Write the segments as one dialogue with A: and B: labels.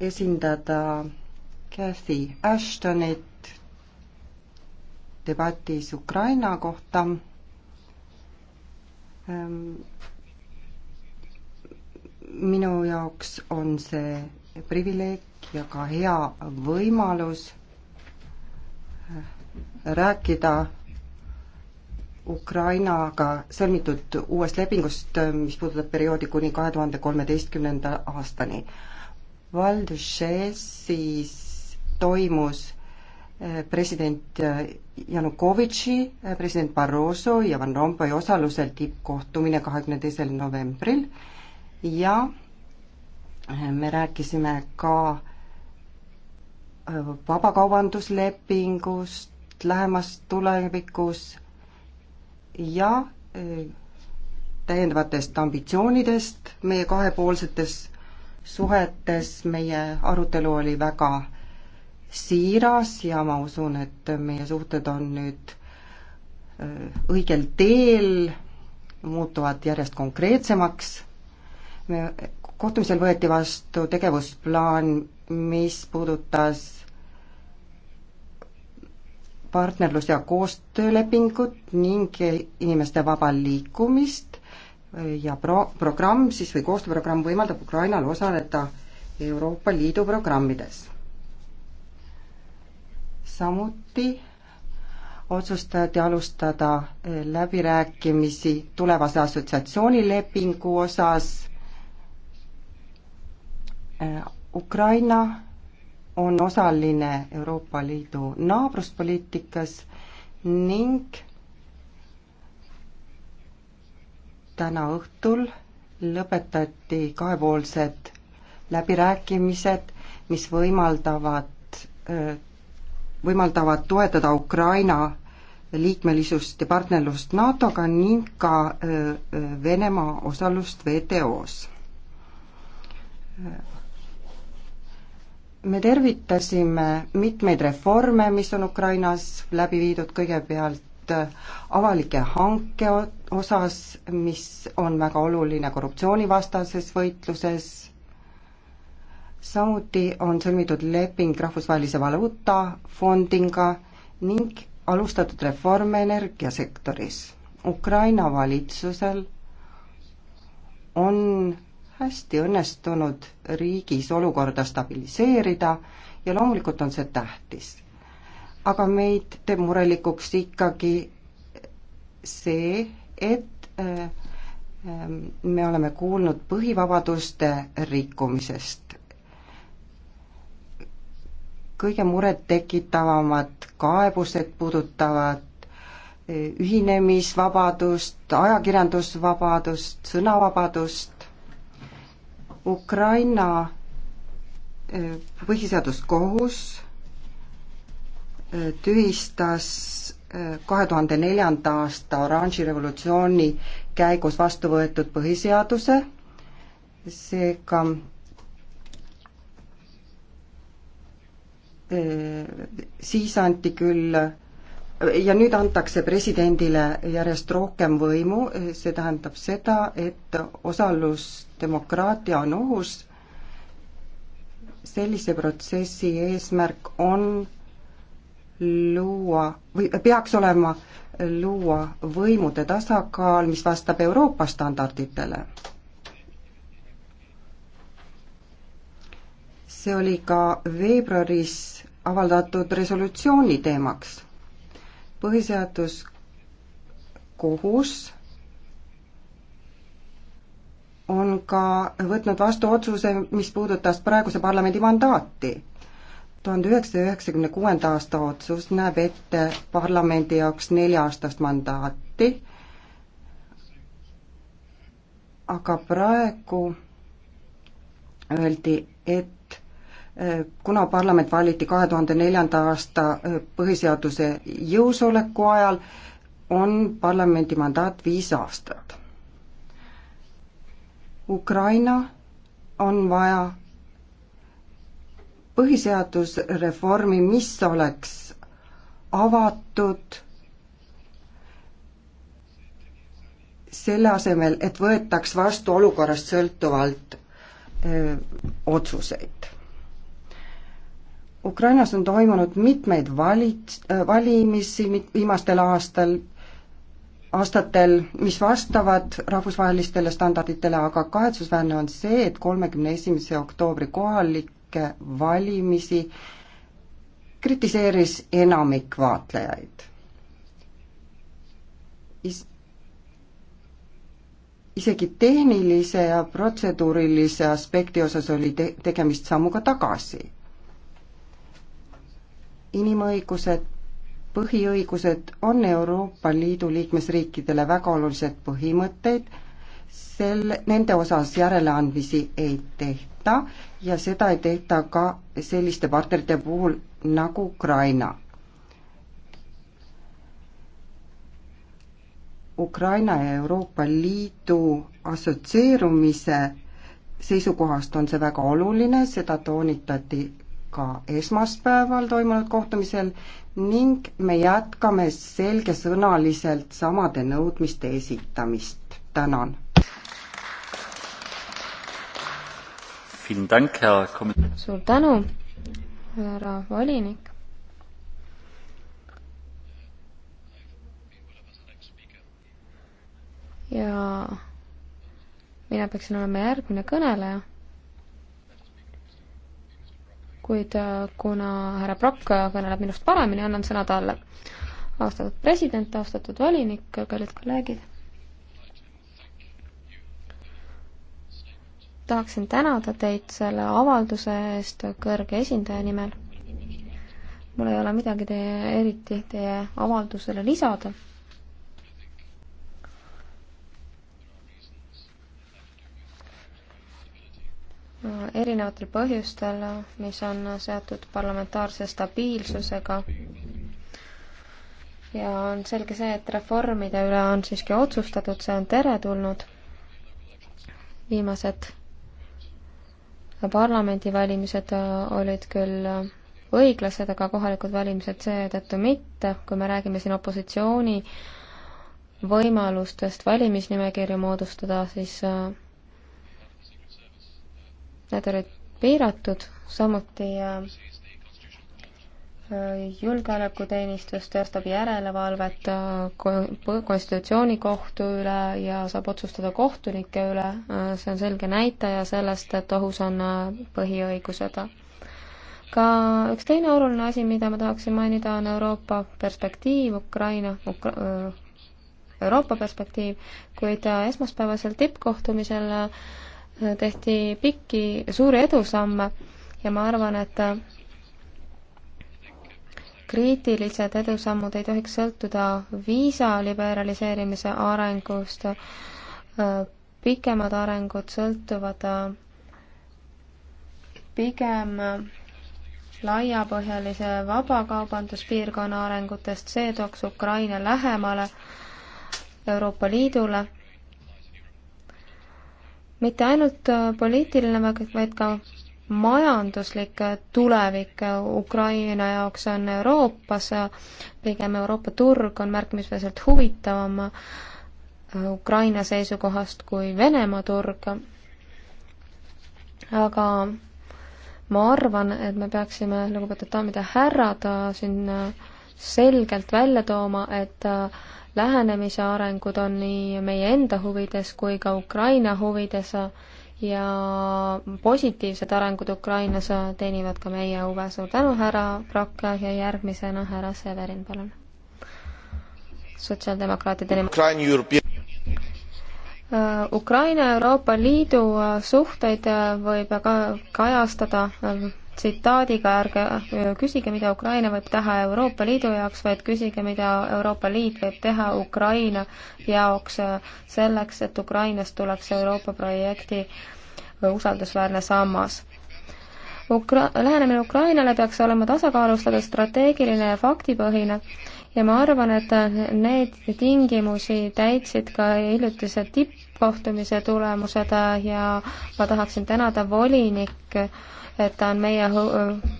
A: esindada Cathy Ashtonit debatis Ukraina kohta. Ähm, minu jaoks on see privileeg ja ka hea võimalus äh, rääkida Ukrainaga sõlmitud uuest lepingust, äh, mis puudutab perioodi kuni kahe tuhande kolmeteistkümnenda aastani Val d'Uchessis toimus äh, president äh, Janukovitši, äh, president Barroso ja Van Rompuy osalusel tippkohtumine kahekümne teisel novembril ja me rääkisime ka vabakaubanduslepingust lähemas tulevikus ja täiendavatest ambitsioonidest meie kahepoolsetes suhetes, meie arutelu oli väga siiras ja ma usun, et meie suhted on nüüd äh, õigel teel, muutuvad järjest konkreetsemaks, me, kohtumisel võeti vastu tegevusplaan, mis puudutas partnerlus- ja koostöölepingut ning inimeste vaba liikumist, ja pro-, programm siis või koostööprogramm võimaldab Ukrainal osaleda Euroopa Liidu programmides. samuti otsustati alustada eh, läbirääkimisi tulevase assotsiatsioonilepingu osas. Eh, Ukraina on osaline Euroopa Liidu naabruspoliitikas ning täna õhtul lõpetati kahepoolsed läbirääkimised, mis võimaldavad, võimaldavad toetada Ukraina liikmelisust ja partnerlust NATO-ga ning ka Venemaa osalust WTO-s. me tervitasime mitmeid reforme, mis on Ukrainas läbi viidud, kõigepealt Äh, avalike hanke osas, mis on väga oluline korruptsioonivastases võitluses, samuti on sõlmitud leping Rahvusvahelise Valuutafondiga ning alustatud reforme energiasektoris. Ukraina valitsusel on hästi õnnestunud riigis olukorda stabiliseerida ja loomulikult on see tähtis aga meid teeb murelikuks ikkagi see, et äh, äh, me oleme kuulnud põhivabaduste rikkumisest. kõige murettekitavamad kaebused puudutavad äh, ühinemisvabadust, ajakirjandusvabadust, sõnavabadust. Ukraina põhiseaduskohus tühistas äh, kahe tuhande neljanda aasta oranži revolutsiooni käigus vastu võetud põhiseaduse, seega äh, siis anti küll ja nüüd antakse presidendile järjest rohkem võimu, see tähendab seda, et osalusdemokraatia on ohus, sellise protsessi eesmärk on luua või peaks olema luua võimude tasakaal, mis vastab Euroopa standarditele. see oli ka veebruaris avaldatud resolutsiooni teemaks. põhiseaduskohus on ka võtnud vastu otsuse, mis puudutas praeguse parlamendi mandaati tuhande üheksasaja üheksakümne kuuenda aasta otsus näeb ette parlamendi jaoks nelja-aastast mandaati, aga praegu öeldi, et äh, kuna parlament valiti kahe tuhande neljanda aasta äh, põhiseaduse jõusoleku ajal, on parlamendi mandaat viis aastat. Ukraina on vaja põhiseadusreformi, mis oleks avatud selle asemel, et võetaks vastu olukorrast sõltuvalt öö, otsuseid. Ukrainas on toimunud mitmeid valit-, valimisi viimastel aastal, aastatel, mis vastavad rahvusvahelistele standarditele, aga kahetsusväärne on see, et kolmekümne esimese oktoobri kohalik kohalikke valimisi kritiseeris enamik vaatlejaid Is. isegi tehnilise ja protseduurilise aspekti osas oli te tegemist sammuga tagasi. inimõigused, põhiõigused on Euroopa Liidu liikmesriikidele väga olulised põhimõtteid, sel, nende osas järeleandmisi ei tehta tehta ja seda ei tehta ka selliste partnerite puhul nagu Ukraina. Ukraina ja Euroopa Liidu assotsieerumise seisukohast on see väga oluline, seda toonitati ka esmaspäeval toimunud kohtumisel ning me jätkame selgesõnaliselt samade nõudmiste esitamist.
B: tänan suur
C: tänu, härra volinik. ja mina peaksin olema järgmine kõneleja. kuid äh, kuna härra Brock kõneleb minust paremini, annan sõna talle. austatud president, austatud volinik, kallid kolleegid tahaksin tänada teid selle avalduse eest kõrge esindaja nimel. mul ei ole midagi teie, eriti teie avaldusele lisada. erinevatel põhjustel, mis on seotud parlamentaarse stabiilsusega ja on selge see, et reformide üle on siiski otsustatud, see on teretulnud. viimased parlamendivalimised äh, olid küll äh, õiglased, aga kohalikud valimised seetõttu mitte, kui me räägime siin opositsiooni võimalustest valimisnimekirju moodustada, siis äh, need olid piiratud, samuti julgeolekuteenistus teostab järelevalvet äh, konstitutsioonikohtu üle ja saab otsustada kohtunike üle, äh, see on selge näitaja sellest, et ohus on äh, põhiõigused. ka üks teine oluline asi, mida ma tahaksin mainida, on Euroopa perspektiiv Ukraina Ukra, Euroopa perspektiiv, kuid esmaspäevasel tippkohtumisel tehti pikki, suuri edusamme ja ma arvan, et kriitilised edusammud ei tohiks sõltuda viisa liberaliseerimise arengust, pikemad arengud sõltuvad äh, pigem äh, laiapõhjalise vabakaubanduspiirkonna arengutest, see tooks Ukraina lähemale Euroopa Liidule. mitte ainult äh, poliitiline, vaid ka majanduslik tulevik Ukraina jaoks on Euroopas, pigem Euroopa turg on märkimisväärselt huvitavam Ukraina seisukohast kui Venemaa turg, aga ma arvan, et me peaksime, lugupeetud daamid ja härrad, siin selgelt välja tooma, et lähenemise arengud on nii meie enda huvides kui ka Ukraina huvides ja positiivsed arengud Ukrainas teenivad ka meie huve. suur tänu, härra Prokk ja järgmisena härra Severin, palun. sotsiaaldemokraatide nimel. Ukraina äh, Euroopa Liidu suhteid äh, võib ka kajastada äh, tsitaadiga ärge äh, küsige, mida Ukraina võib teha Euroopa Liidu jaoks, vaid küsige, mida Euroopa Liit võib teha Ukraina jaoks äh, selleks, et Ukrainast tuleks Euroopa projekti äh, usaldusväärne sammas Ukra-, lähenemine Ukrainale peaks olema tasakaalustatud, strateegiline ja faktipõhine ja ma arvan, et need tingimusi täitsid ka hiljutised tipp, kohtumise tulemused ja ma tahaksin tänada volinik, et ta on meie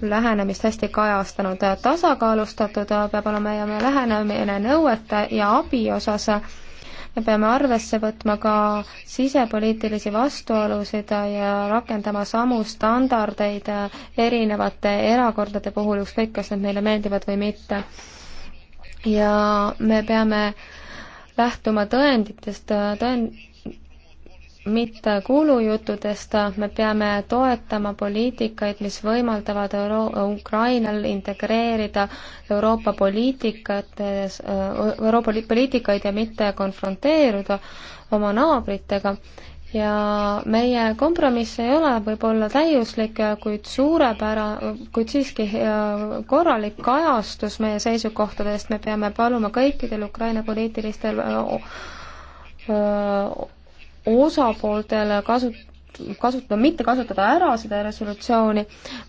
C: lähenemist hästi kajastanud. tasakaalustatud peab olema meie lähenemine nõuete ja abi osas. me peame arvesse võtma ka sisepoliitilisi vastuolusid ja rakendama samu standardeid erinevate erakordade puhul, ükskõik, kas need meile meeldivad või mitte. ja me peame lähtuma tõenditest, tõend-, mitte kuulujuttudest, me peame toetama poliitikaid, mis võimaldavad Euro-, Ukrainal integreerida Euroopa poliitikat, Euroopa poliitikaid ja mitte konfronteeruda oma naabritega ja meie kompromiss ei ole võib-olla täiuslik, kuid suurepära-, kuid siiski korralik kajastus meie seisukohtadest, me peame paluma kõikidel Ukraina poliitilistel öö, öö, osapooltel kasut-, kasutada, mitte kasutada ära seda resolutsiooni,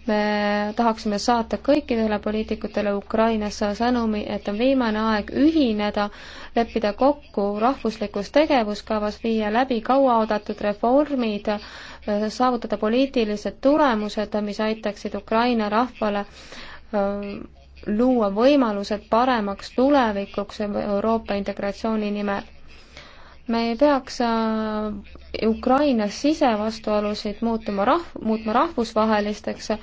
C: me tahaksime saata kõikidele poliitikutele Ukrainas sõnumi, et on viimane aeg ühineda, leppida kokku rahvuslikus tegevuskavas, viia läbi kauaoodatud reformid, saavutada poliitilised tulemused, mis aitaksid Ukraina rahvale äh, luua võimalused paremaks tulevikuks Euroopa integratsiooni nimel me ei peaks äh, Ukrainas sisevastuolusid muutuma rahv-, muutma rahvusvahelisteks, äh,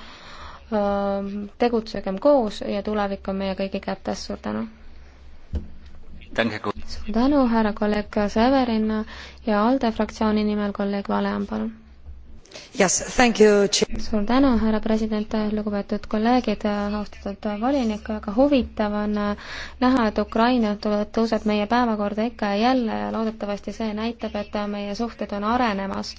C: tegutsegem koos ja tulevik on meie kõigi kätes, suur tänu!
B: suur
C: tänu, härra kolleeg Severin ja ALDE fraktsiooni nimel kolleeg Valean, palun! Yes, suur tänu, härra president, lugupeetud kolleegid, austatud volinik, väga huvitav on näha, et Ukraina tõuseb meie päevakorda ikka ja jälle ja loodetavasti see näitab, et meie suhted on arenemas.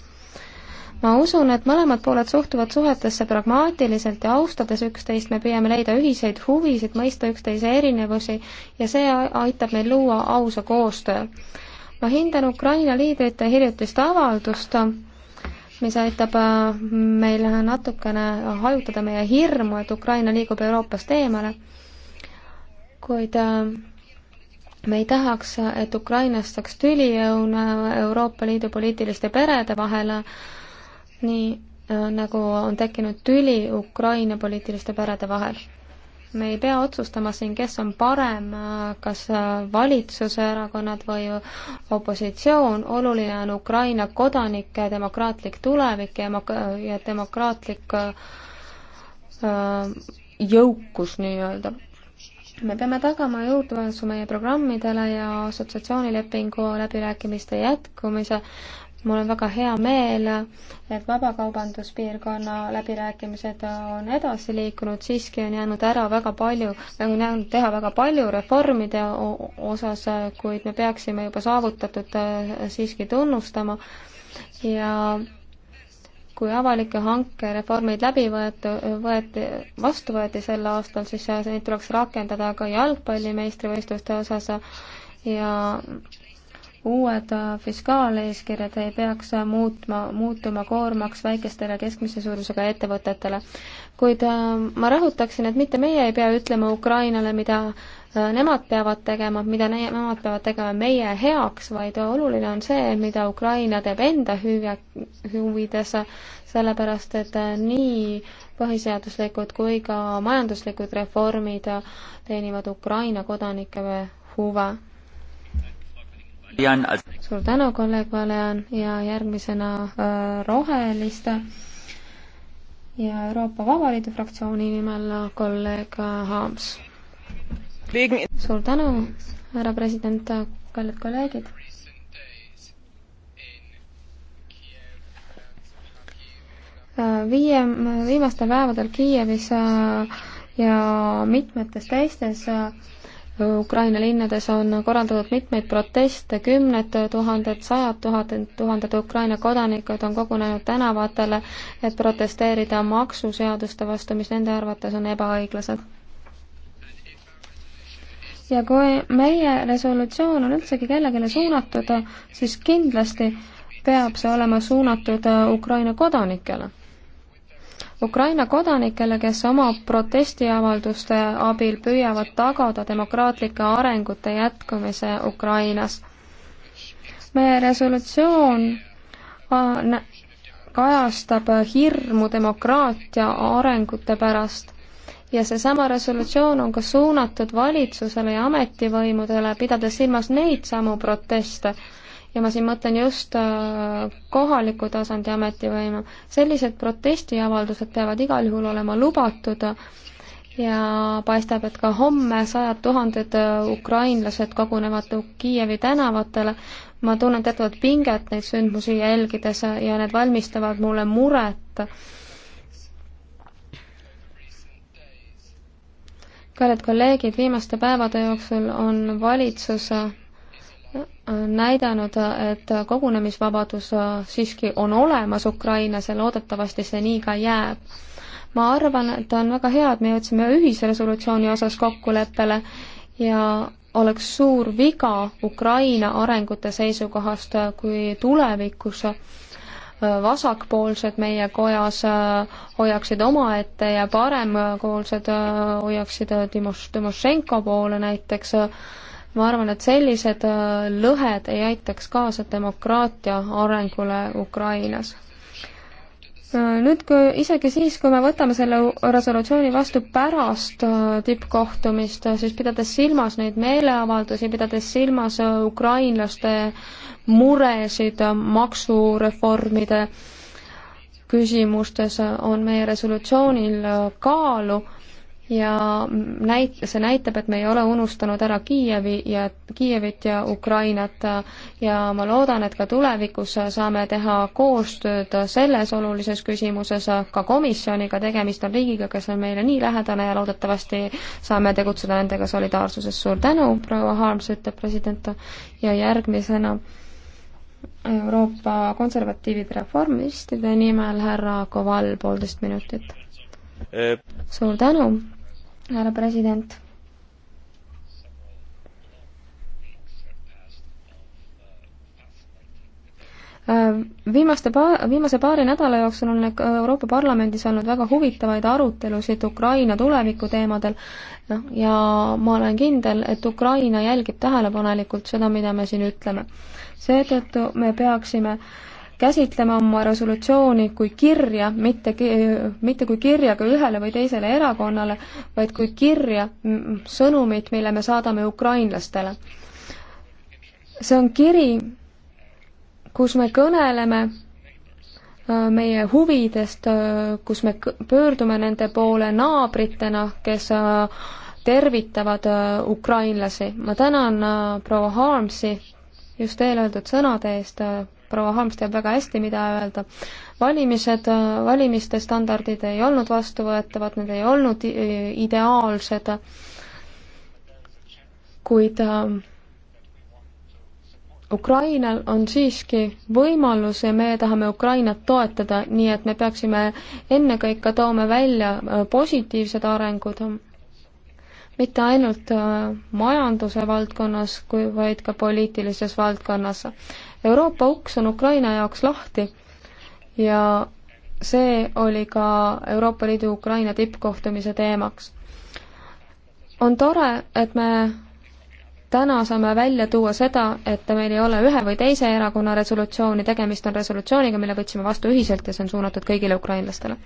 C: ma usun, et mõlemad pooled suhtuvad suhetesse pragmaatiliselt ja austades üksteist, me püüame leida ühiseid huvisid, mõista üksteise erinevusi ja see aitab meil luua ausa koostöö. ma hindan Ukraina liidrite hiljutist avaldust mis aitab äh, meil natukene hajutada meie hirmu, et Ukraina liigub Euroopast eemale, kuid äh, me ei tahaks, et Ukrainast saaks tüliõuna Euroopa Liidu poliitiliste perede vahele, nii äh, nagu on tekkinud tüli Ukraina poliitiliste perede vahel me ei pea otsustama siin, kes on parem, kas valitsuse erakonnad või opositsioon, oluline on Ukraina kodanike demokraatlik tulevik ja, ja demokraatlik äh, jõukus nii-öelda me peame tagama juurdepääsu meie programmidele ja assotsiatsioonilepingu läbirääkimiste jätkumise mul on väga hea meel, et vabakaubanduspiirkonna läbirääkimised on edasi liikunud, siiski on jäänud ära väga palju, on jäänud teha väga palju reformide osas, kuid me peaksime juba saavutatud eh, siiski tunnustama ja kui avalike hanke reformid läbi võeti, võeti, vastu võeti sel aastal, siis neid tuleks rakendada ka jalgpalli meistrivõistluste osas ja uued äh, fiskaaleeskirjad ei peaks äh, muutma, muutuma koormaks väikestele keskmise suurusega ettevõtetele. kuid äh, ma rõhutaksin, et mitte meie ei pea ütlema Ukrainale, mida nemad peavad tegema, mida ne-, nemad peavad tegema meie heaks, vaid oluline on see, mida Ukraina teeb enda hüve, huvides, sellepärast et nii põhiseaduslikud kui ka majanduslikud reformid teenivad Ukraina kodanike huve suur tänu, kolleeg Valean ja järgmisena äh, Roheliste ja Euroopa Vabariigi fraktsiooni nimel kolleeg Haams. suur tänu, härra president, kallid kolleegid äh, viie, viimastel päevadel Kiievis äh, ja mitmetes teistes Ukraina linnades on korraldatud mitmeid proteste, kümned tuhanded, sajad tuhanded, tuhanded Ukraina kodanikud on kogunenud tänavatele, et protesteerida maksuseaduste vastu, mis nende arvates on ebaõiglased. ja kui meie resolutsioon on üldsegi kellelegi suunatud, siis kindlasti peab see olema suunatud Ukraina kodanikele Ukraina kodanikele, kes oma protestiavalduste abil püüavad tagada demokraatlike arengute jätkumise Ukrainas. meie resolutsioon kajastab hirmu demokraatia arengute pärast ja seesama resolutsioon on ka suunatud valitsusele ja ametivõimudele, pidades silmas neid samu proteste ja ma siin mõtlen just äh, kohaliku tasandi ametivõimu, sellised protestiavaldused peavad igal juhul olema lubatud ja paistab, et ka homme sajad tuhanded äh, ukrainlased kogunevad Kiievi tänavatele. ma tunnen teatavat pinget neid sündmusi jälgides ja need valmistavad mulle muret. kallid kolleegid, viimaste päevade jooksul on valitsus näidanud, et kogunemisvabadus siiski on olemas Ukrainas ja loodetavasti see nii ka jääb. ma arvan, et on väga hea, et me jõudsime ühisresolutsiooni osas kokkuleppele ja oleks suur viga Ukraina arengute seisukohast, kui tulevikus vasakpoolsed meie kojas hoiaksid omaette ja parempoolsed hoiaksid Timoš-, Timošenko poole näiteks ma arvan, et sellised äh, lõhed ei aitaks kaasa demokraatia arengule Ukrainas äh, Nüüd, kui isegi siis, kui me võtame selle resolutsiooni vastu pärast äh, tippkohtumist, siis pidades silmas neid meeleavaldusi, pidades silmas ukrainlaste muresid maksureformide küsimustes, on meie resolutsioonil kaalu ja näit-, see näitab, et me ei ole unustanud ära Kiievi ja, Kiievit ja Ukrainat ja ma loodan, et ka tulevikus saame teha koostööd selles olulises küsimuses ka komisjoniga, tegemist on riigiga, kes on meile nii lähedane ja loodetavasti saame tegutseda nendega solidaarsuses. suur tänu, proua Harms, ütleb president ja järgmisena Euroopa konservatiivide reformistide nimel härra Koval, poolteist minutit.
B: Äh.
C: suur tänu härra president. Äh, viimaste pa-, viimase paari nädala jooksul on äh, Euroopa Parlamendis olnud väga huvitavaid arutelusid Ukraina tuleviku teemadel noh, ja ma olen kindel, et Ukraina jälgib tähelepanelikult seda, mida me siin ütleme. seetõttu me peaksime äh, käsitlema oma resolutsiooni kui kirja, mitte, mitte kui kirja ka ühele või teisele erakonnale, vaid kui kirja, sõnumit, mille me saadame ukrainlastele. see on kiri, kus me kõneleme äh, meie huvidest, äh, kus me pöördume nende poole naabritena, kes äh, tervitavad ukrainlasi. ma tänan proua Harmsi just eelöeldud sõnade eest proua Harms teab väga hästi, mida öelda. valimised, äh, valimiste standardid ei olnud vastuvõetavad, need ei olnud ideaalsed, kuid äh, Ukrainal on siiski võimalus ja me tahame Ukrainat toetada, nii et me peaksime ennekõike tooma välja äh, positiivsed arengud, mitte ainult majanduse valdkonnas, kui vaid ka poliitilises valdkonnas. Euroopa uks on Ukraina jaoks lahti ja see oli ka Euroopa Liidu Ukraina tippkohtumise teemaks. on tore, et me täna saame välja tuua seda, et meil ei ole ühe või teise erakonna resolutsiooni, tegemist on resolutsiooniga, mille võtsime vastu ühiselt ja see on suunatud kõigile ukrainlastele.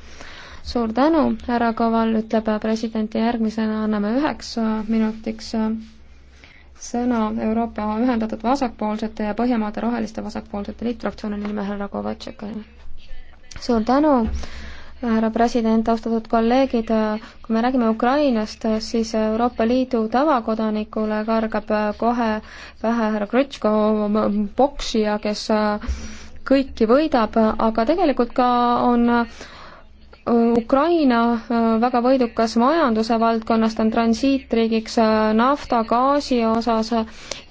C: suur tänu, härra Koval, ütleb president ja järgmisena anname üheks minutiks sõna Euroopa Ühendatud Vasakpoolsete ja Põhjamaade Roheliste Vasakpoolsete Liitfraktsiooni nimel härra Kovatšekile. suur tänu, härra president, austatud kolleegid, kui me räägime Ukrainast, siis Euroopa Liidu tavakodanikule kargab kohe pähe härra Krõtško poksija, kes kõiki võidab, aga tegelikult ka on äh, Äh, Ukraina äh, väga võidukas majanduse valdkonnast on transiitriigiks äh, nafta, gaasi osas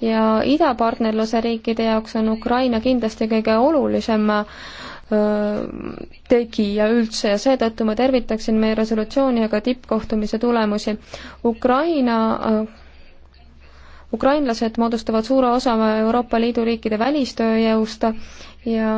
C: ja idapartnerluse riikide jaoks on Ukraina kindlasti kõige olulisem tegija üldse ja seetõttu ma tervitaksin meie resolutsiooni ja ka tippkohtumise tulemusi. Ukraina ukrainlased moodustavad suure osa Euroopa Liidu riikide välistööjõust ja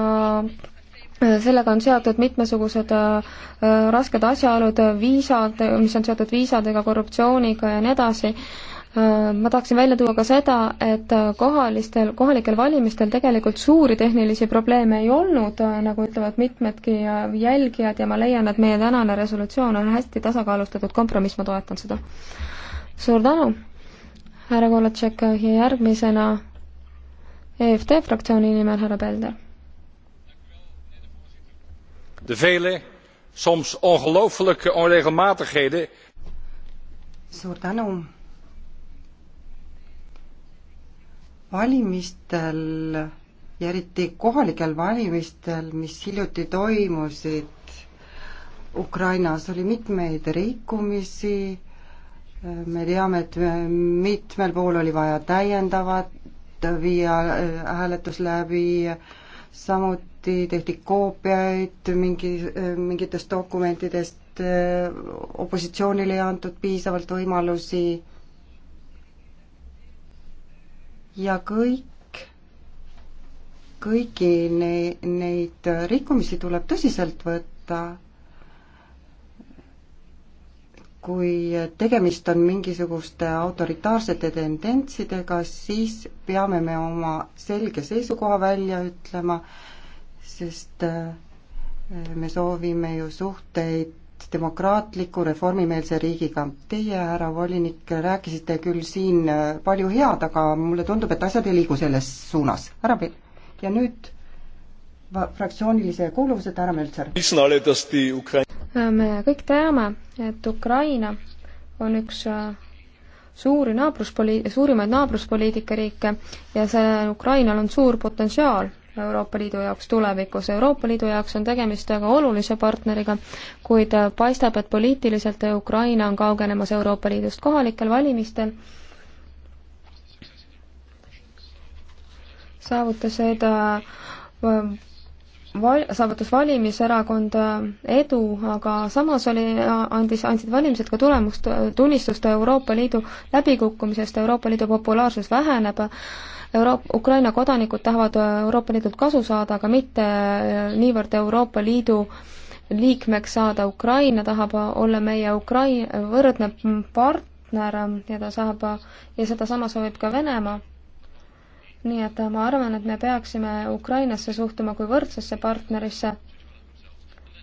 C: sellega on seotud mitmesugused äh, äh, rasked asjaolud, viisad, mis on seotud viisadega, korruptsiooniga ja nii edasi, äh, ma tahaksin välja tuua ka seda, et kohalistel, kohalikel valimistel tegelikult suuri tehnilisi probleeme ei olnud, nagu ütlevad mitmedki jälgijad ja ma leian, et meie tänane resolutsioon on hästi tasakaalustatud kompromiss, ma toetan seda. suur tänu, härra Kolatšek ja järgmisena EFD fraktsiooni nimel härra Pelder
B: de vele soms ongelooflijke onregelmatigheden.
A: suur tänu. valimistel ja eriti kohalikel valimistel, mis hiljuti toimusid Ukrainas, oli mitmeid rikkumisi. me teame, et mitmel pool oli vaja täiendavat viia äh, hääletus läbi, samuti koostati, tehti koopiaid mingi, mingitest dokumentidest, äh, opositsioonile ei antud piisavalt võimalusi ja kõik, kõiki ne-, neid rikkumisi tuleb tõsiselt võtta, kui tegemist on mingisuguste autoritaarsete tendentsidega, siis peame me oma selge seisukoha välja ütlema, sest äh, me soovime ju suhteid demokraatliku reformimeelse riigiga. Teie, härra volinik, rääkisite küll siin äh, palju head, aga mulle tundub, et asjad ei liigu selles suunas. härra Pihl, ja nüüd fraktsioonilise kuuluvuseta härra Möltser.
C: me kõik teame, et Ukraina on üks äh, suuri naabruspoliit-, suurimaid naabruspoliitika riike ja see Ukrainal on suur potentsiaal Euroopa Liidu jaoks tulevikus. Euroopa Liidu jaoks on tegemist väga olulise partneriga, kuid paistab, et poliitiliselt Ukraina on kaugenemas Euroopa Liidust kohalikel valimistel. saavutas ta val-, saavutas valimiserakond edu, aga samas oli, andis, andsid valimised ka tulemust, tunnistust Euroopa Liidu läbikukkumisest, Euroopa Liidu populaarsus väheneb Euroop-, Ukraina kodanikud tahavad äh, Euroopa Liidult kasu saada, aga mitte äh, niivõrd Euroopa Liidu liikmeks saada, Ukraina tahab äh, olla meie Ukrai-, võrdne partner ja ta saab, ja sedasama soovib ka Venemaa. nii et ma arvan, et me peaksime Ukrainasse suhtuma kui võrdsesse partnerisse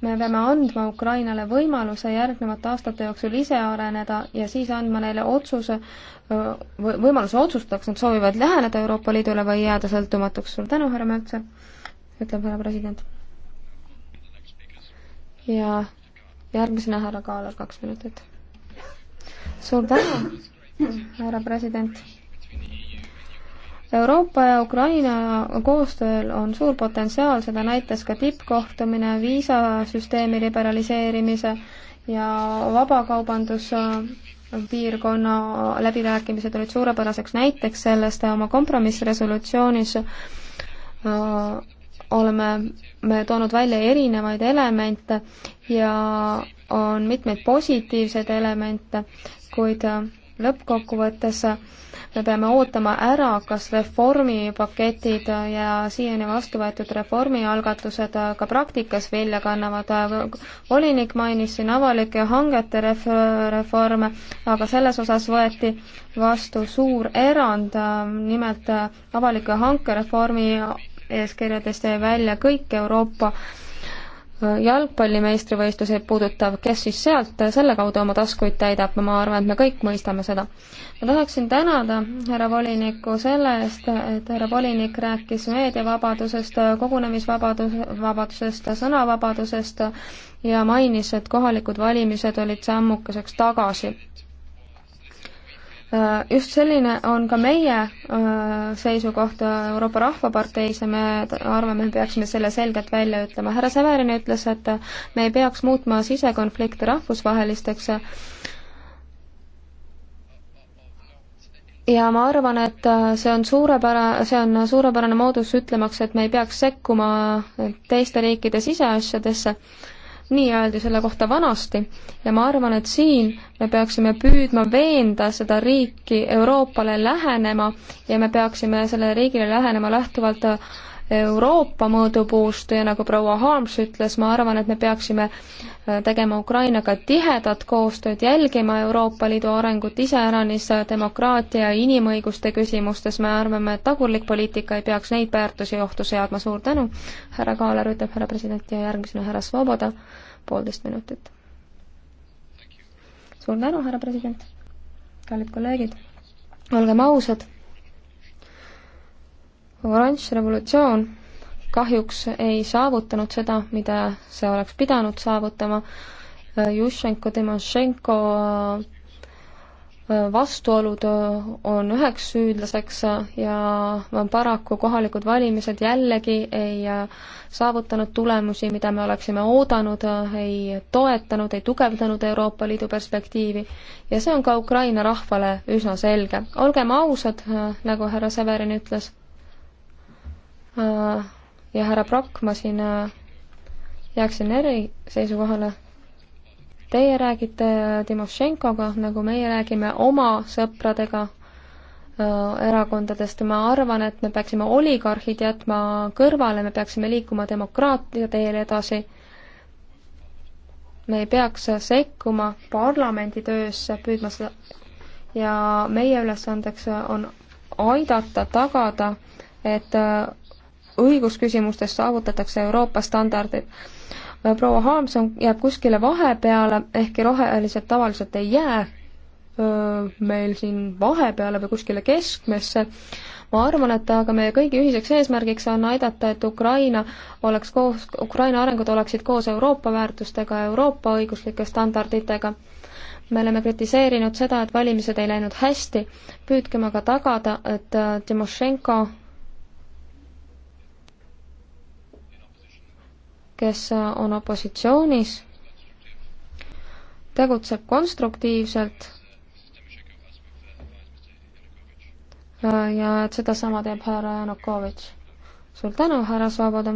C: me peame andma Ukrainale võimaluse järgnevate aastate jooksul ise areneda ja siis andma neile otsuse, võimaluse otsustada, kas nad soovivad läheneda Euroopa Liidule või jääda sõltumatuks. suur tänu, härra Möltser, ütleb härra president. ja järgmisena härra Kaalar, kaks minutit. suur tänu, härra president Euroopa ja Ukraina koostööl on suur potentsiaal, seda näitas ka tippkohtumine viisasüsteemi liberaliseerimise ja vabakaubanduspiirkonna läbirääkimised olid suurepäraseks näiteks sellest ja oma kompromissresolutsioonis äh, oleme me toonud välja erinevaid elemente ja on mitmeid positiivseid elemente, kuid äh, lõppkokkuvõttes me peame ootama ära, kas reformipaketid ja siiani vastu võetud reformialgatused ka praktikas vilja kannavad. volinik mainis siin avalike hangete ref-, reforme, aga selles osas võeti vastu suur erand, nimelt avalike hankereformi eeskirjadest jäi välja kõik Euroopa jalgpalli meistrivõistlusi puudutav, kes siis sealt selle kaudu oma taskuid täidab, ma arvan, et me kõik mõistame seda. ma tahaksin tänada härra volinikku selle eest, et härra volinik rääkis meediavabadusest, kogunemisvabadus, vabadusest, sõnavabadusest ja mainis, et kohalikud valimised olid sammukeseks tagasi Äh, just selline on ka meie äh, seisukoht äh, Euroopa Rahvaparteis ja me arvame, me peaksime selle selgelt välja ütlema. härra Severin ütles, et me ei peaks muutma sisekonflikte rahvusvahelisteks. ja ma arvan, et see on suurepärane, see on suurepärane moodus ütlemaks, et me ei peaks sekkuma teiste riikide siseasjadesse nii öeldi selle kohta vanasti ja ma arvan, et siin me peaksime püüdma veenda seda riiki Euroopale lähenema ja me peaksime sellele riigile lähenema lähtuvalt äh, Euroopa mõõdupuust ja nagu proua Harms ütles, ma arvan, et me peaksime Äh, tegema Ukrainaga tihedat koostööd, jälgima Euroopa Liidu arengut iseäranis äh, demokraatia ja inimõiguste küsimustes, me arvame, et tagurlik poliitika ei peaks neid väärtusi ohtu seadma, suur tänu, härra Kaaler ütleb, härra president, ja järgmisena härra Svoboda, poolteist minutit. suur tänu, härra president, kallid kolleegid, olgem ausad, oranž revolutsioon kahjuks ei saavutanud seda, mida see oleks pidanud saavutama. Jušenko, Timošenko äh, vastuolud äh, on üheks süüdlaseks äh, ja paraku kohalikud valimised jällegi ei saavutanud tulemusi, mida me oleksime oodanud, ei toetanud, ei tugevdanud Euroopa Liidu perspektiivi ja see on ka Ukraina rahvale üsna selge. olgem ausad, nagu härra Severin ütles, ja härra Prokk, ma siin äh, jääksin eri seisukohale. Teie räägite äh, Timošenkoga, nagu meie räägime oma sõpradega äh, erakondadest ja ma arvan, et me peaksime oligarhid jätma kõrvale, me peaksime liikuma demokraatia teel edasi. me ei peaks sekkuma parlamendi töösse, püüdma seda ja meie ülesandeks on aidata tagada, et õigusküsimustes saavutatakse Euroopa standardid. proua Haamson jääb kuskile vahepeale, ehkki rohelised tavaliselt ei jää öö, meil siin vahepeale või kuskile keskmesse, ma arvan, et aga meie kõigi ühiseks eesmärgiks on aidata, et Ukraina oleks koos, Ukraina arengud oleksid koos Euroopa väärtustega, Euroopa õiguslike standarditega me oleme kritiseerinud seda, et valimised ei läinud hästi, püüdkem aga tagada, et Timošenko kes on opositsioonis, tegutseb konstruktiivselt ja et sedasama teeb härra Janukovitš. suur tänu, härra Svoboda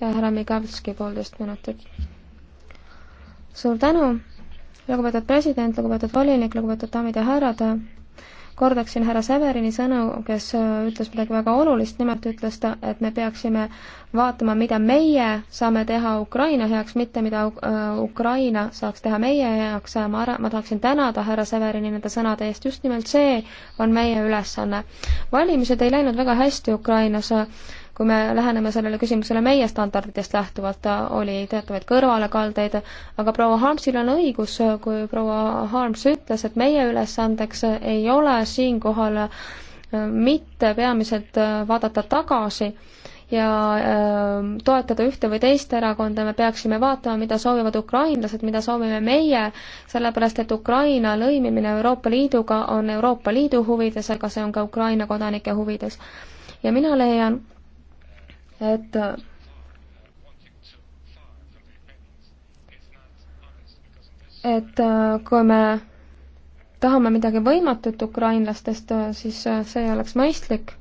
C: ja härra Migalski, poolteist minutit. suur tänu, lugupeetud president, lugupeetud volinik, lugupeetud daamid ja härrad, kordaksin härra Severini sõnu, kes äh, ütles midagi väga olulist, nimelt ütles ta, et me peaksime vaatama, mida meie saame teha Ukraina heaks, mitte mida äh, Ukraina saaks teha meie heaks ja ma ära, ma tahaksin tänada härra Severini nende sõnade eest, just nimelt see on meie ülesanne. valimised ei läinud väga hästi Ukrainas kui me läheneme sellele küsimusele meie standarditest lähtuvalt, äh, oli teatavaid kõrvalekaldeid, aga proua Harmsil on õigus, kui proua Harms ütles, et meie ülesandeks ei ole siinkohal äh, mitte peamiselt äh, vaadata tagasi, ja äh, toetada ühte või teist erakonda, me peaksime vaatama, mida soovivad ukrainlased, mida soovime meie, sellepärast et Ukraina lõimimine Euroopa Liiduga on Euroopa Liidu huvides, aga see on ka Ukraina kodanike huvides. ja mina leian, et et äh, kui me tahame midagi võimatut ukrainlastest, äh, siis äh, see ei oleks mõistlik.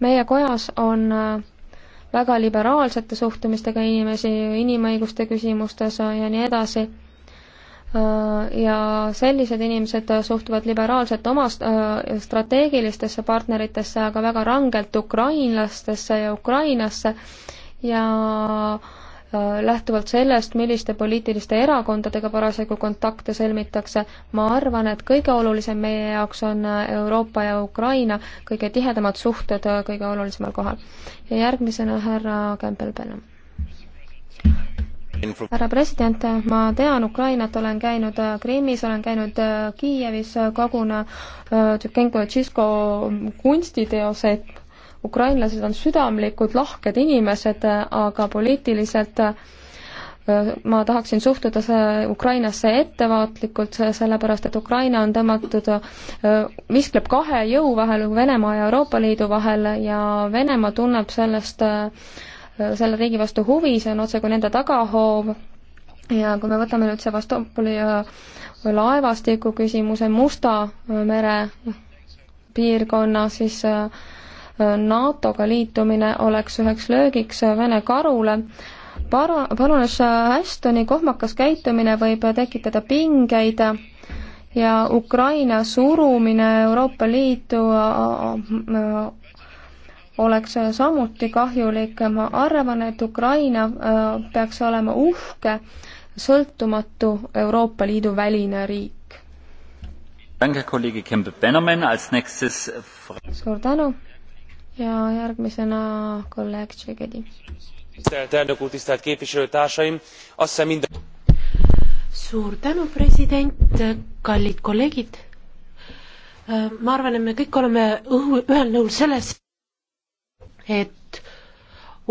C: meie kojas on väga liberaalsete suhtumistega inimesi inimõiguste küsimustes ja nii edasi Äh, ja sellised inimesed äh, suhtuvad liberaalselt oma äh, strateegilistesse partneritesse, aga väga rangelt ukrainlastesse ja Ukrainasse ja lähtuvalt sellest, milliste poliitiliste erakondadega parasjagu kontakte sõlmitakse, ma arvan, et kõige olulisem meie jaoks on Euroopa ja Ukraina kõige tihedamad suhted kõige olulisemal kohal. ja järgmisena härra Campbell-Benham härra president, ma tean Ukrainat, olen käinud äh, Krimmis, olen käinud äh, Kiievis, äh, koguna Tšetšenko ja Tšisko kunstiteoseid. ukrainlased on südamlikud, lahked inimesed, aga poliitiliselt ma tahaksin suhtuda see Ukrainasse ettevaatlikult, sellepärast et Ukraina on tõmmatud, viskleb kahe jõu vahel, Venemaa ja Euroopa Liidu vahel ja Venemaa tunneb sellest äh, Äh, selle riigi vastu huvi, see on otsekui nende tagahoov ja kui me võtame nüüd Sevastopoli laevastiku küsimuse Musta mere piirkonna, siis äh, NATO-ga liitumine oleks üheks löögiks Vene karule. Para-, parunes Ashtoni kohmakas käitumine võib tekitada pingeid ja Ukraina surumine Euroopa Liitu äh, oleks samuti kahjulik. ma arvan, et Ukraina äh, peaks olema uhke, sõltumatu Euroopa Liidu väline riik. suur tänu ja järgmisena
D: kolleeg Tšegedi. suur tänu, president, kallid kolleegid äh, ma arvan, et me kõik oleme õhu, ühel nõul selles, et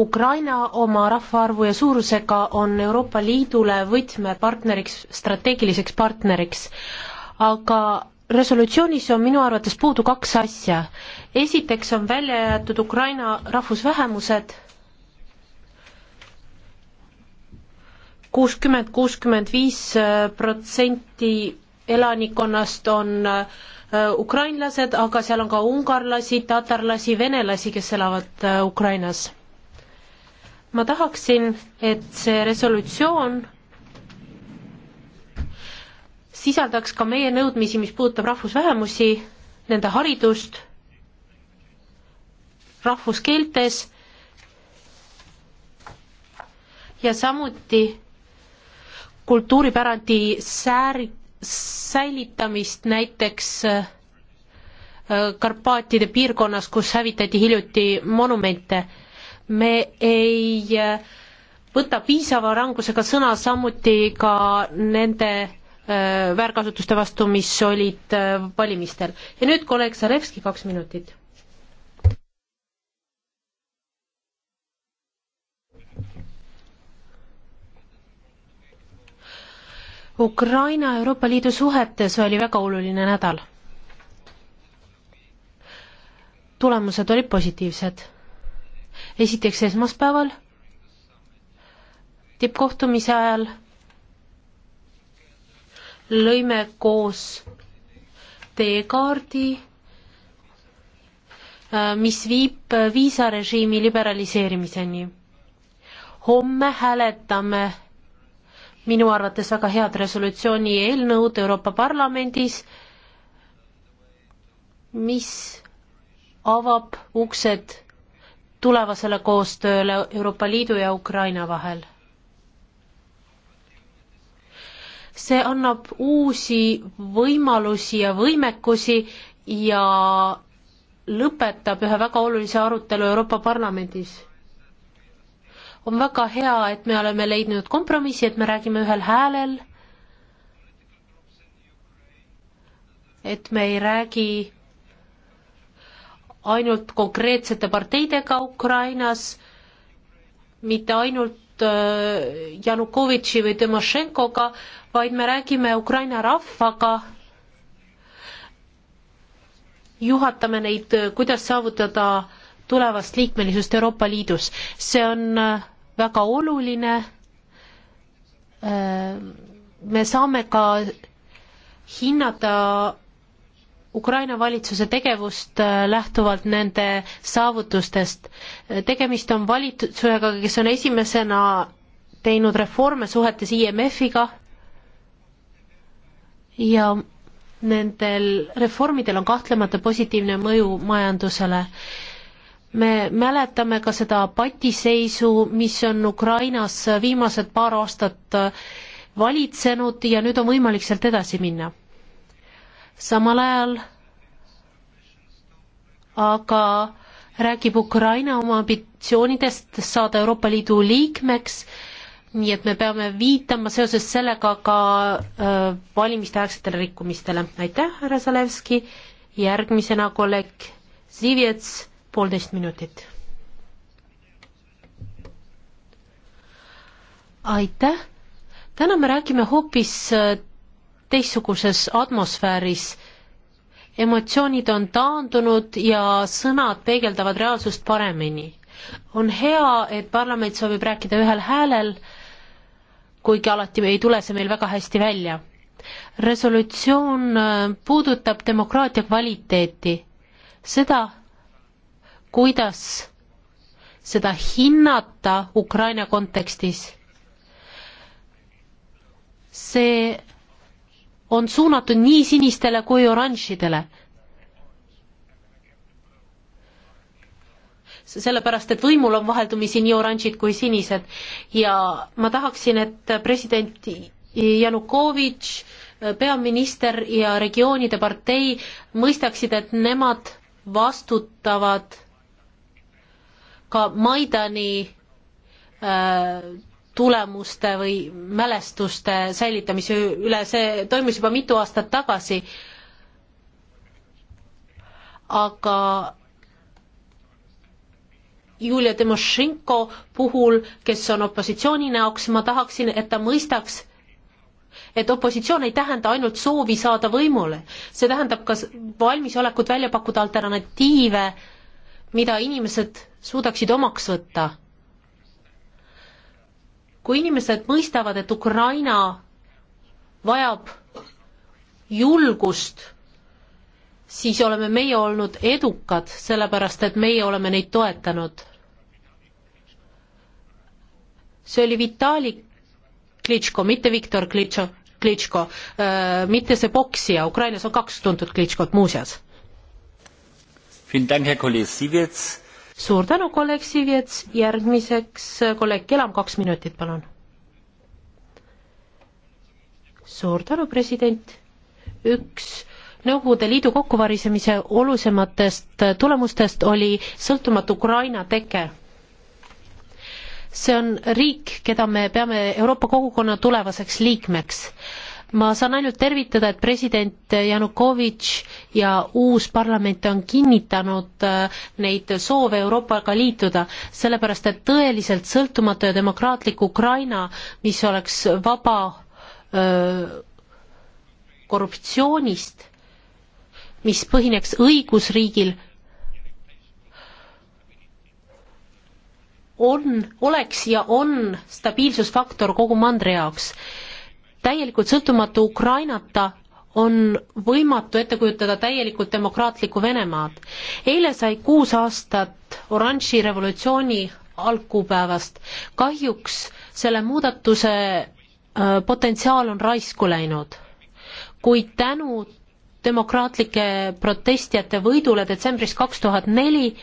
D: Ukraina oma rahvaarvu ja suurusega on Euroopa Liidule võtmepartneriks, strateegiliseks partneriks, aga resolutsioonis on minu arvates puudu kaks asja. esiteks on välja jäetud Ukraina rahvusvähemused, kuuskümmend, kuuskümmend viis äh, protsenti elanikkonnast on äh, Äh, ukrainlased, aga seal on ka ungarlasi, tatarlasi, venelasi, kes elavad äh, Ukrainas. ma tahaksin, et see resolutsioon sisaldaks ka meie nõudmisi, mis puudutab rahvusvähemusi, nende haridust, rahvuskeeltes ja samuti kultuuripärandi säärik-, säilitamist näiteks äh, Karpaatide piirkonnas, kus hävitati hiljuti monumente. me ei äh, võta piisava rangusega sõna samuti ka nende äh, väärkasutuste vastu, mis olid valimistel. ja nüüd kolleeg Zarevski, kaks minutit Ukraina Euroopa Liidu suhetes oli väga oluline nädal. tulemused olid positiivsed. esiteks esmaspäeval, tippkohtumise ajal lõime koos teekaardi, äh, mis viib viisarežiimi liberaliseerimiseni. homme hääletame minu arvates väga head resolutsiooni eelnõud Euroopa Parlamendis, mis avab uksed tulevasele koostööle Euroopa Liidu ja Ukraina vahel. see annab uusi võimalusi ja võimekusi ja lõpetab ühe väga olulise arutelu Euroopa Parlamendis on väga hea, et me oleme leidnud kompromissi, et me räägime ühel häälel, et me ei räägi ainult konkreetsete parteidega Ukrainas, mitte ainult äh, Janukovitši või Tõmošenkoga, vaid me räägime Ukraina rahvaga, juhatame neid, kuidas saavutada tulevast liikmelisust Euroopa Liidus. see on äh, väga oluline. me saame ka hinnata Ukraina valitsuse tegevust äh, lähtuvalt nende saavutustest. Äh, tegemist on valitsusega, kes on esimesena teinud reforme suhetes IMF-iga ja nendel reformidel on kahtlemata positiivne mõju majandusele me mäletame ka seda patiseisu, mis on Ukrainas viimased paar aastat valitsenud ja nüüd on võimalik sealt edasi minna. samal ajal aga räägib Ukraina oma ambitsioonidest saada Euroopa Liidu liikmeks, nii et me peame viitama seoses sellega ka äh, valimisteaegsetele rikkumistele. aitäh, härra Zalevski, järgmisena kolleeg Zivjets poolteist minutit. aitäh, täna me räägime hoopis äh, teistsuguses atmosfääris. emotsioonid on taandunud ja sõnad peegeldavad reaalsust paremini. on hea, et parlament soovib rääkida ühel häälel, kuigi alati ei tule see meil väga hästi välja. resolutsioon äh, puudutab demokraatia kvaliteeti, seda, kuidas seda hinnata Ukraina kontekstis. see on suunatud nii sinistele kui oranžidele. sellepärast, et võimul on vaheldumisi nii oranžid kui sinised ja ma tahaksin, et president Janukovitš, peaminister ja regioonide partei mõistaksid, et nemad vastutavad ka Maidani äh, tulemuste või mälestuste säilitamise üle, see toimus juba mitu aastat tagasi. aga Julia Timošenko puhul, kes on opositsiooni näoks, ma tahaksin, et ta mõistaks, et opositsioon ei tähenda ainult soovi saada võimule, see tähendab ka valmisolekut välja pakkuda alternatiive äh, mida inimesed suudaksid omaks võtta. kui inimesed mõistavad, et Ukraina vajab julgust, siis oleme meie olnud edukad, sellepärast et meie oleme neid toetanud. see oli Vitali Klitško, mitte Viktor Klitšo, Klitško, äh, mitte see poksija, Ukrainas on kaks tuntud Klitškot muuseas suur tänu, kolleeg Sivets, järgmiseks äh, kolleeg Kelam, kaks minutit, palun. suur tänu, president. üks Nõukogude Liidu kokkuvarisemise olulisematest äh, tulemustest oli sõltumatu Ukraina teke. see on riik, keda me peame Euroopa kogukonna tulevaseks liikmeks ma saan ainult tervitada, et president Janukovitš ja uus parlament on kinnitanud äh, neid soove Euroopaga liituda, sellepärast et tõeliselt sõltumatu ja demokraatlik Ukraina, mis oleks vaba öö, äh, korruptsioonist, mis põhineks õigusriigil, on, oleks ja on stabiilsusfaktor kogu mandri jaoks täielikult sõltumatu Ukrainata on võimatu ette kujutada täielikult demokraatlikku Venemaad. eile sai kuus aastat oranži revolutsiooni algkuupäevast. kahjuks selle muudatuse äh, potentsiaal on raisku läinud, kuid tänu demokraatlike protestijate võidule detsembris kaks tuhat neli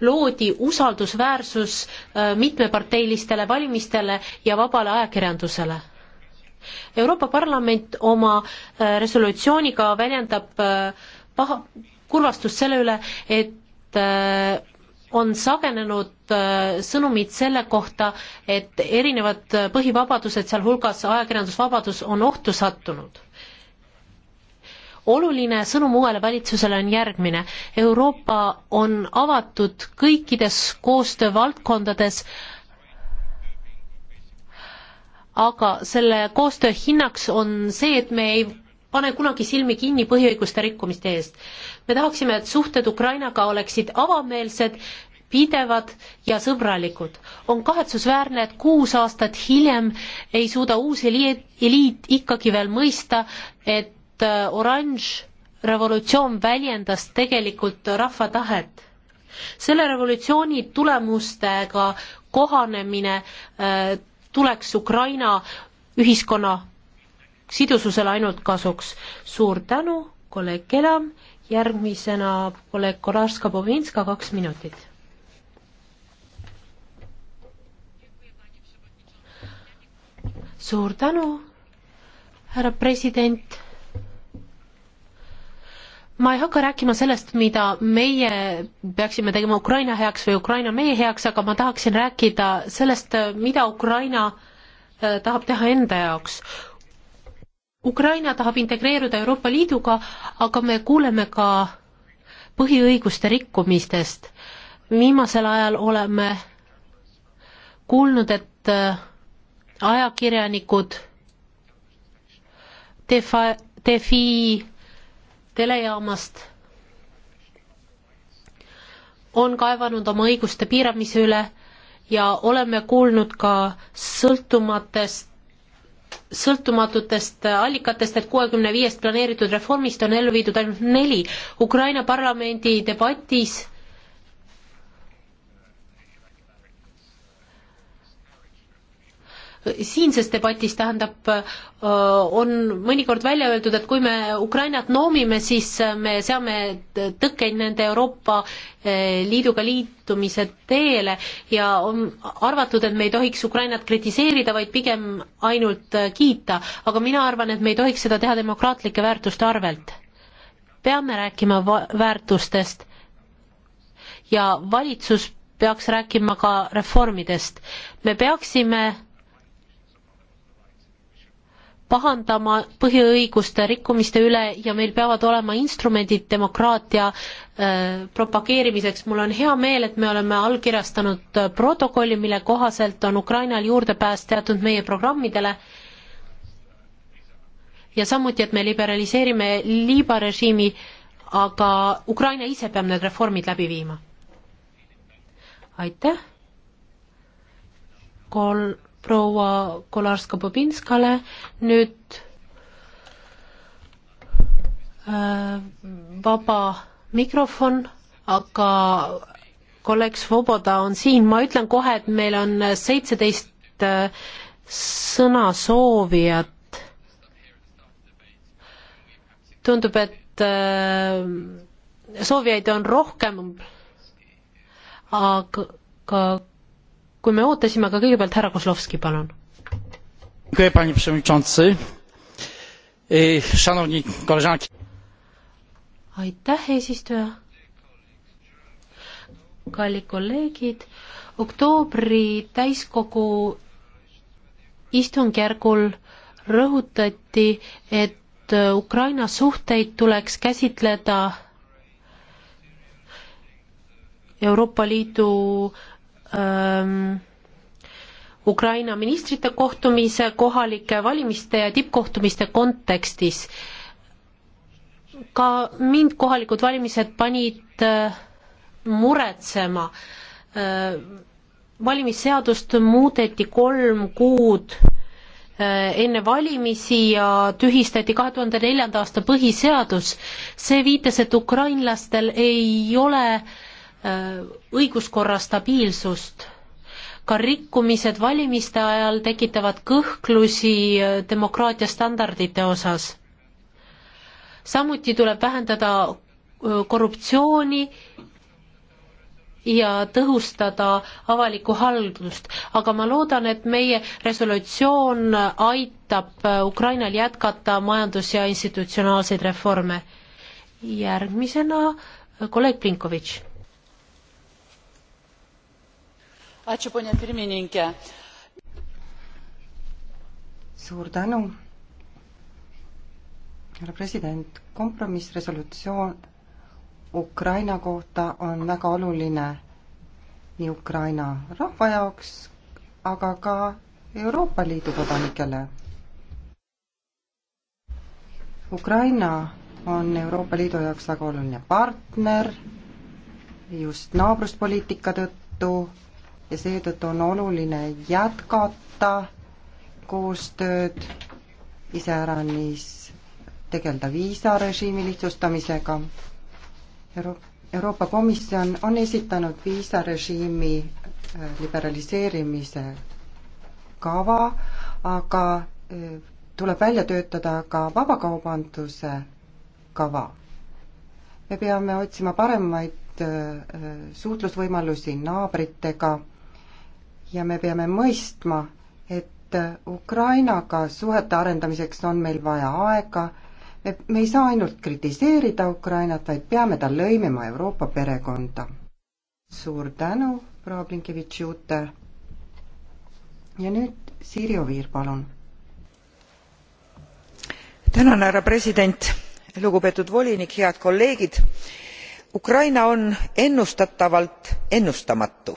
D: loodi usaldusväärsus äh, mitmeparteilistele valimistele ja vabale ajakirjandusele. Euroopa Parlament oma äh, resolutsiooniga väljendab äh, paha, kurvastust selle üle, et on sagenenud sõnumid selle kohta, et erinevad põhivabadused, sealhulgas ajakirjandusvabadus, on ohtu sattunud oluline sõnum uuele valitsusele on järgmine. Euroopa on avatud kõikides koostöövaldkondades, aga selle koostöö hinnaks on see, et me ei pane kunagi silmi kinni põhiõiguste rikkumiste eest. me tahaksime, et suhted Ukrainaga oleksid avameelsed, pidevad ja sõbralikud. on kahetsusväärne, et kuus aastat hiljem ei suuda uus eliit, eliit ikkagi veel mõista, et et äh, oranž revolutsioon väljendas tegelikult rahva tahet. selle revolutsiooni tulemustega kohanemine äh, tuleks Ukraina ühiskonna sidususele ainult kasuks. suur tänu, kolleeg Kelam, järgmisena kolleeg Kolarska-Povinska, kaks minutit. suur tänu, härra president ma ei hakka rääkima sellest, mida meie peaksime tegema Ukraina heaks või Ukraina meie heaks, aga ma tahaksin rääkida sellest, mida Ukraina äh, tahab teha enda jaoks. Ukraina tahab integreeruda Euroopa Liiduga, aga me kuuleme ka põhiõiguste rikkumistest. viimasel ajal oleme kuulnud, et äh, ajakirjanikud defi-, defi- telejaamast on kaevanud oma õiguste piiramise üle ja oleme kuulnud ka sõltumatest sõltumatutest allikatest, et kuuekümne viiest planeeritud reformist on ellu viidud ainult neli. Ukraina parlamendi debatis siinses debatis tähendab, äh, on mõnikord välja öeldud, et kui me Ukrainat noomime, siis me seame tõkkeid nende Euroopa äh, Liiduga liitumise teele ja on arvatud, et me ei tohiks Ukrainat kritiseerida, vaid pigem ainult äh, kiita, aga mina arvan, et me ei tohiks seda teha demokraatlike väärtuste arvelt. peame rääkima väärtustest ja valitsus peaks rääkima ka reformidest. me peaksime pahandama põhiõiguste rikkumiste üle ja meil peavad olema instrumendid demokraatia äh, propageerimiseks. mul on hea meel, et me oleme allkirjastanud äh, protokolli, mille kohaselt on Ukrainal juurdepääs teatud meie programmidele ja samuti, et me liberaliseerime Liiba režiimi, aga Ukraina ise peab need reformid läbi viima. aitäh. kol-, proua Kolarska-Bobinskale, nüüd äh, vaba mikrofon, aga kolleeg Svoboda on siin, ma ütlen kohe, et meil on seitseteist äh, sõnasoovijat. tundub, et äh, soovijaid on rohkem, aga kui me ootasime, aga kõigepealt härra Kozlovski, palun. E, aitäh, eesistuja. kallid kolleegid, oktoobri täiskogu istungjärgul rõhutati, et Ukraina suhteid tuleks käsitleda Euroopa Liidu ähm, Ukraina ministrite kohtumise kohalike valimiste ja tippkohtumiste kontekstis. ka mind kohalikud valimised panid äh, muretsema äh,. valimisseadust muudeti kolm kuud äh, enne valimisi ja tühistati kahe tuhande neljanda aasta põhiseadus, see viitas, et ukrainlastel ei ole äh, Äh, õiguskorra stabiilsust. ka rikkumised valimiste ajal tekitavad kõhklusi äh, demokraatia standardite osas. samuti tuleb vähendada äh, korruptsiooni ja tõhustada avalikku haldust, aga ma loodan, et meie resolutsioon aitab Ukrainal jätkata majandus- ja institutsionaalseid reforme. järgmisena kolleeg Plinkovitš
A: suur tänu, härra president, kompromissresolutsioon Ukraina kohta on väga oluline nii Ukraina rahva jaoks, aga ka Euroopa Liidu kodanikele. Ukraina on Euroopa Liidu jaoks väga oluline partner just naabruspoliitika tõttu ja seetõttu on oluline jätkata koostööd iseäranis tegeleda viisarežiimi lihtsustamisega Euro. Euroopa Komisjon on esitanud viisarežiimi äh, liberaliseerimise kava, aga äh, tuleb välja töötada ka vabakaubanduse kava. me peame otsima paremaid äh, suhtlusvõimalusi naabritega ja me peame mõistma, et Ukrainaga suhete arendamiseks on meil vaja aega, me, me ei saa ainult kritiseerida Ukrainat, vaid peame tal lõimima Euroopa perekonda. suur tänu, proua Blinkevitš-Juute. ja nüüd
B: Siiri Oviir, palun. tänan, härra president, lugupeetud volinik, head kolleegid. Ukraina on ennustatavalt ennustamatu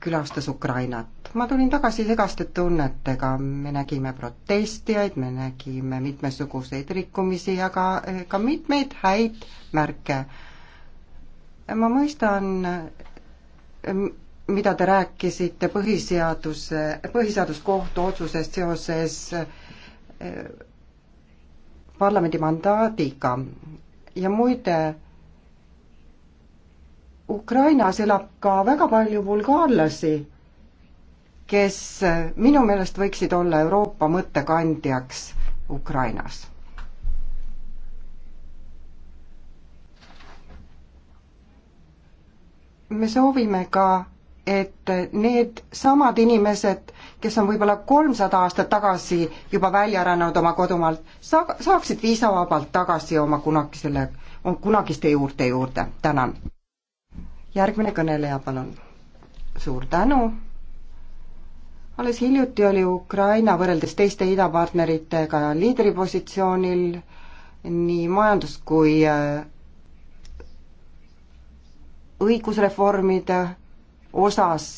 A: külastas Ukrainat. ma tulin tagasi segaste tunnetega, me nägime protestijaid, me nägime mitmesuguseid rikkumisi ja ka, eh, ka mitmeid häid märke. ma mõistan, eh, mida te rääkisite põhiseaduse, põhiseaduskohtu otsusest seoses eh, parlamendi mandaadiga ja muide, Ukrainas elab ka väga palju bulgaarlasi, kes minu meelest võiksid olla Euroopa mõttekandjaks Ukrainas me soovime ka, et need samad inimesed, kes on võib-olla kolmsada aastat tagasi juba välja rännanud oma kodumaalt, saaksid viisavabalt tagasi oma kunagisele, kunagiste juurte juurde, juurde.. tänan järgmine kõneleja, palun. suur tänu. alles hiljuti oli Ukraina võrreldes teiste idapartneritega liidripositsioonil nii majandus kui äh, õigusreformide osas,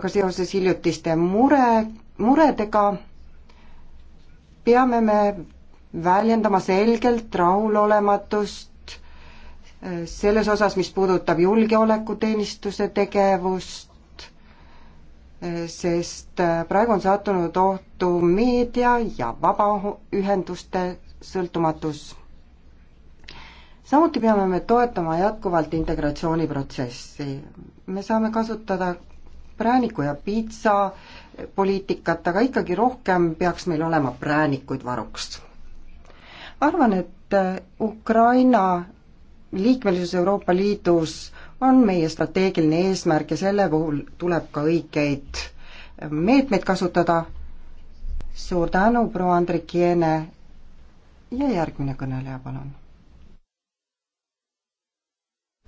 A: aga seoses hiljutiste mure, muredega peame me väljendama selgelt rahulolematust selles osas, mis puudutab julgeolekuteenistuse tegevust, sest praegu on sattunud ohtu meedia ja vabaühenduste sõltumatus. samuti peame me toetama jätkuvalt integratsiooniprotsessi. me saame kasutada prääniku ja piitsa poliitikat, aga ikkagi rohkem peaks meil olema präänikuid varuks. arvan, et Ukraina liikmelisus Euroopa Liidus on meie strateegiline eesmärk ja selle puhul tuleb ka õigeid meetmeid kasutada. suur tänu, proua Andrik Jeene ja järgmine kõneleja, palun.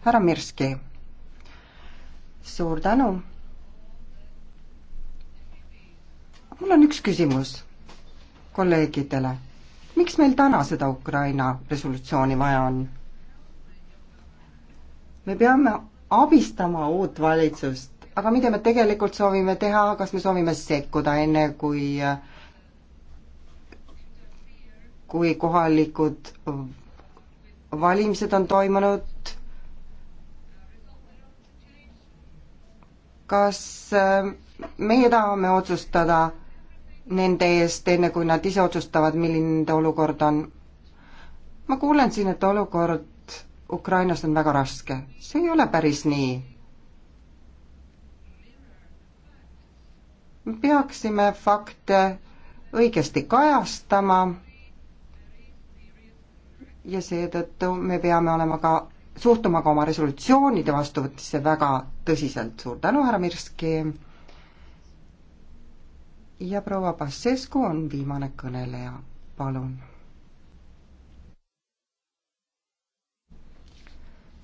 A: härra Mirski, suur tänu. mul on üks küsimus kolleegidele. miks meil täna seda Ukraina resolutsiooni vaja on? me peame abistama uut valitsust, aga mida me tegelikult soovime teha, kas me soovime sekkuda enne, kui kui kohalikud valimised on toimunud, kas äh, meie tahame otsustada nende eest, enne kui nad ise otsustavad, milline nende olukord on? ma kuulen siin, et olukord Ukrainas on väga raske. see ei ole päris nii. me peaksime fakte õigesti kajastama ja seetõttu me peame olema ka, suhtuma ka oma resolutsioonide vastuvõtmisse väga tõsiselt. suur tänu, härra Mirski! ja proua Bassescu on viimane kõneleja, palun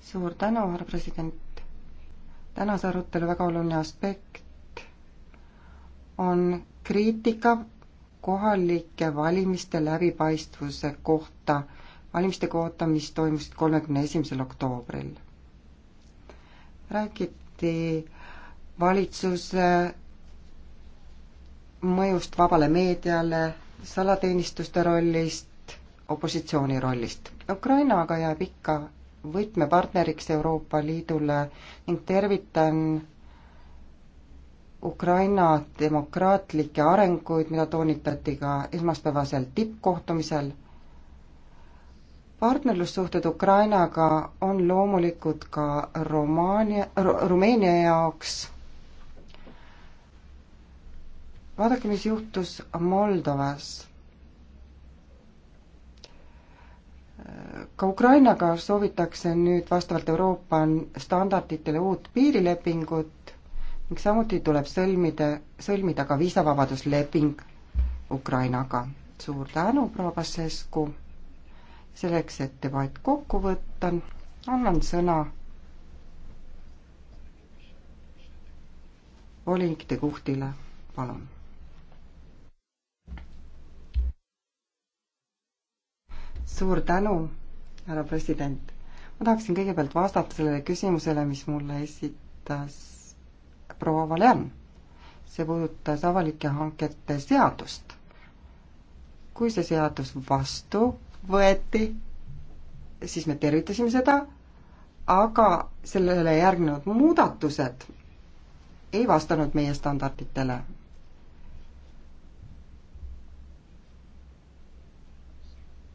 A: suur tänu, härra president. tänase arutelu väga oluline aspekt on kriitika kohalike valimiste läbipaistvuse kohta, valimiste kohta, mis toimusid kolmekümne esimesel oktoobril. räägiti valitsuse mõjust vabale meediale, salateenistuste rollist, opositsiooni rollist. Ukraina aga jääb ikka võtmepartneriks Euroopa Liidule ning tervitan Ukraina demokraatlikke arenguid, mida toonitati ka esmaspäevasel tippkohtumisel. partnerlussuhted Ukrainaga on loomulikud ka Romaania, Rumeenia jaoks. vaadake, mis juhtus Moldovas ka Ukrainaga soovitakse nüüd vastavalt Euroopa standarditele uut piirilepingut ning samuti tuleb sõlmida, sõlmida ka viisavabadusleping Ukrainaga. suur tänu, proua Pasescu. selleks, et debatt kokku võtta, annan sõna volinik Teguhtile, palun suur tänu, härra president. ma tahaksin kõigepealt vastata sellele küsimusele, mis mulle esitas proua Valern. see puudutas avalike hankete seadust. kui see seadus vastu võeti, siis me tervitasime seda, aga sellele järgnenud muudatused ei vastanud meie standarditele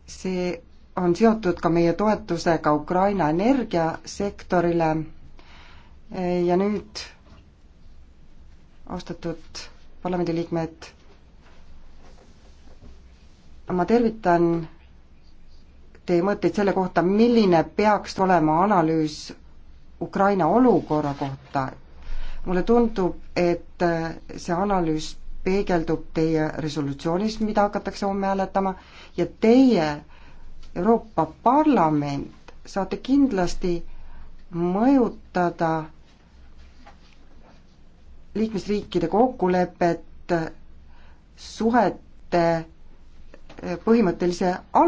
A: see on seotud ka meie toetusega Ukraina energiasektorile ja nüüd austatud parlamendiliikmed, ma tervitan teie mõtteid selle kohta, milline peaks olema analüüs Ukraina olukorra kohta. mulle tundub, et see analüüs peegeldub teie resolutsioonis, mida hakatakse homme hääletama, ja teie, Euroopa Parlament, saate kindlasti mõjutada liikmesriikide kokkulepet
B: suhete põhimõttelise al-,